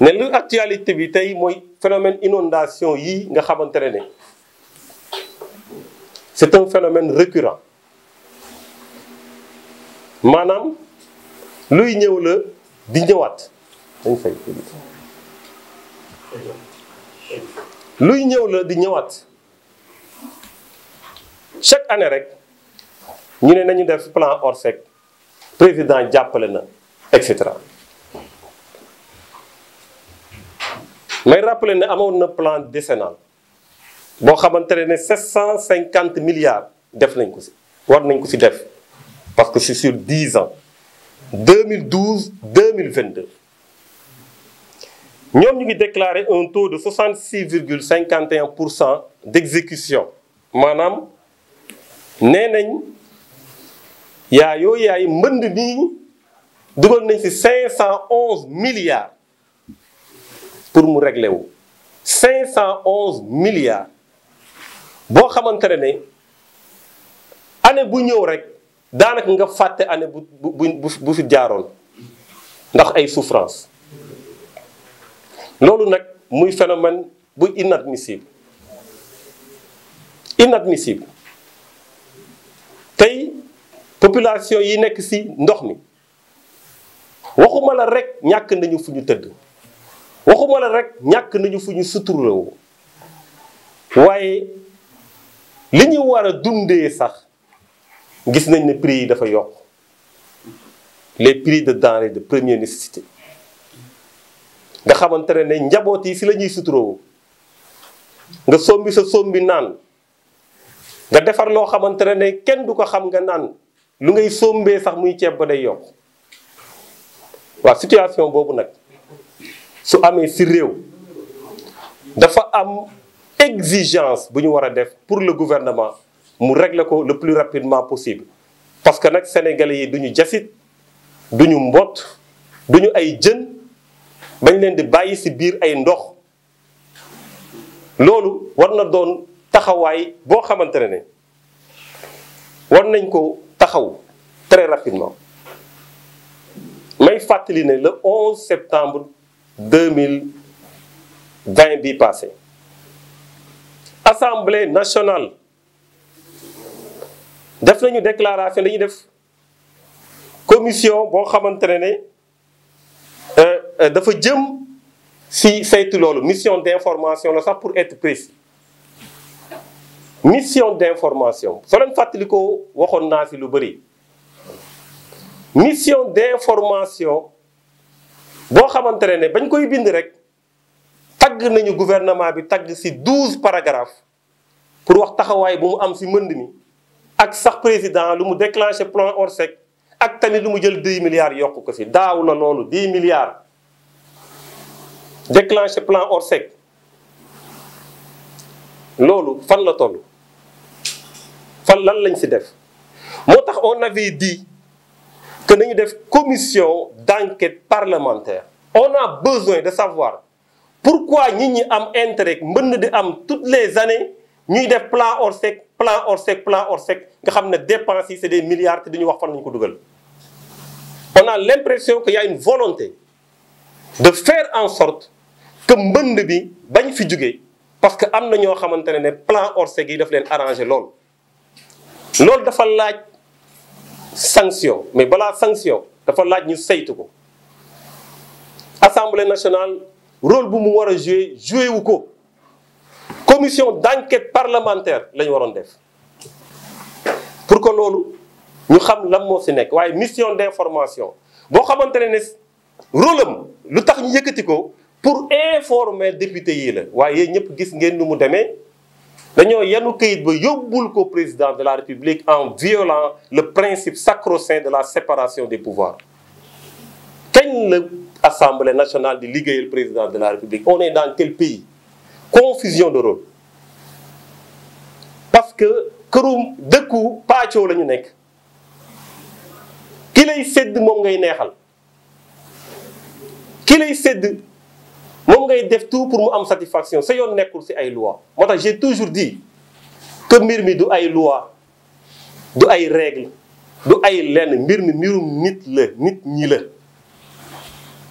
ne lu actualité bi tey mooy phénomène inondation yi nga xamante ne c'est un phénomène récurrent maanaam luy ñëw la di ñëwaat luy ñëw la di ñëwaat chaque année rek ñu ne nañu def plan ORSEC président jàppale na et cetera may rappeler ne amoon na plan décennal boo xamante ne 750 milliards def nañ ko si war nañ ko si def parce que c'est sur 10 ans 2012 2022 ñoom ñu ngi déclaré un taux de 66 virgule 51 pour cent d'exécution maanaam nee nañ yaa yooyu yaay mbënd nii dugal nañ si 511 milliards pour mu régler wu 511 milliards boo xamante ne année bu ñëw rek daanaka nga fàtte année bu bu bu fi jaaroon ndax ay souffrance loolu nag muy phénomène bu inadmissible inadmissible tey population yi nekk ci ndox mi waxuma la rek ñàkk nañu fu ñu tëdd waxuma la rek ñàkk nañu fu ñu suturloo waaye li ñu war a dundee sax gis nañ ne prix yi dafa yokk les prix de denrées de première nécessité nga xamante ne ne njaboot yi si la ñuy suturoo nga sombi sa sombi naan nga defar loo xamante ne ne kenn du ko xam nga naan lu ngay sombee sax muy ceeb ba day yokk waa situation boobu nag su amee si réew dafa am exigence bu ñu war a def pour le gouvernement mu régler ko le plus rapidement possible parce que nag sénégalais yi du ñu jasit du ñu mbott du ñu ay jën bañ leen di bàyyi si biir ay ndox loolu war na doon taxawaay boo xamante ne war nañ ko taxaw très rapidement may fàttali ne le 11 septembre deux mille vingt bi passé assemblée nationale def nañu déclaration dañuy def commission boo xamante ne euh, dafa jëm si saytu loolu mission d'information la sax pour être précis mission d'information soo fàttalikoo waxoon naa si lu bëri mission d'information boo xamante ne bañ koy bind rek tagg nañu gouvernement bi tagg ci douze paragraphes pour wax taxawaay bu mu am ci mbënd mi ak sax président lu mu déclenché plan Orsec ak tamit lu mu jël dix milliards yokk ko ci daaw la loolu dix milliards déclenché plan Orsec loolu fan la toll fan lan lañ si def moo tax on avait dit que nañu def commission d'enquête parlementaire on a besoin de savoir pourquoi nit ñi am intérêt mbënn di am toutes les années ñuy def plan Orsec plan Orsec plan Orsec nga xam ne dépenses yi c'est des milliards te ñu wax fan lañu ko dugal on a l'impression qu'il y a une volonté de faire en sorte que mbënd bi bañ fi jógee parce que am na ñoo xamante ne ne plan Orsec yi daf leen arrangé lool loolu dafa laaj sanction mais balaa sanction dafa laaj ñu saytu ko assemblée nationale rôle bu mu war a jouer jouer wu ko commission d'enquête parlementaire la ñu waroon def pour que loolu ñu xam lan moo si nekk waaye mission d'information boo xamante ne ne rôle am lu tax ñu yëkkati ko pour informer député yi la waaye yéen ñëpp gis ngeen lu mu demee. dañoo yanu kayit ba yóbbul ko président de la république en violant le principe sacro-saint de la séparation des pouvoirs kañ la assemblée nationale di liggéeyal président de la république on est dans quel pays confusion de rôle parce que kërum dëkku paacoo la ñu nekk ki lay sédd moom ngay neexal ki lay sédd moom ngay def tout pour mu am satisfaction sa yoon nekkul si ay loi moo tax j'ai toujours dit que mbir mi du ay loi du ay règle du ay lenn mbir mi mbirum nit la nit ñi la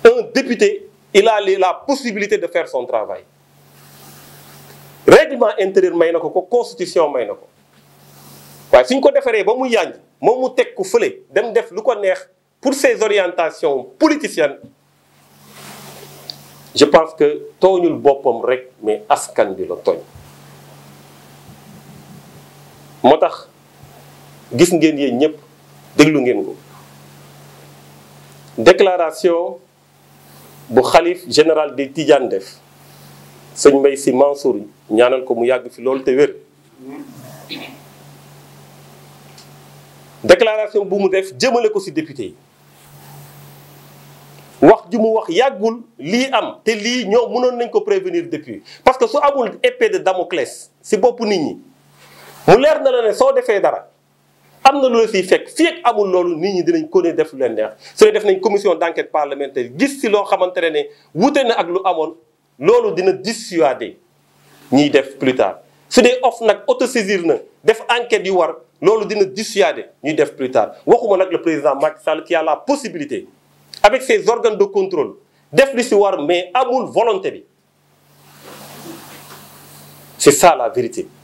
un député il a la possibilité de faire son travail règlement intérieur may na ko ko constitution may na ko waaye suñ ko defaree ba mu yànj moom mu teg ko fële dem def lu ko neex pour ses orientations politiciennes je pense que tooñul boppam rek mais askan bi la tooñ moo tax gis ngeen yéen ñëpp déglu ngeen ko déclaration bu xalif général des Tidiane def sëñ mbay Sy Mansour ñaanal ko mu yàgg fi loolu te wér déclaration bu mu def jëmale ko si député ji mu wax yàggul lii am te lii ñoo mënoon nañ ko prévenir depuis parce que su amul épée de Damoclès si boppu nit ñi mu leer na la ne soo defee dara am na lu la siy fekk fii ak amul loolu nit ñi dinañ ko ne def lu leen neex su dee def nañ commission d'enquête parlementaire gis si loo xamante ne wute na ak lu amoon loolu dina dissuader ñiy def plus tard su dee of nag autosaisir na def enquête yu war loolu dina dissuader ñuy def plus tard waxuma nag le président Macky Sall la possibilité avec ses organes de contrôle def li si war mais amul volonté bi c'est ça la vérité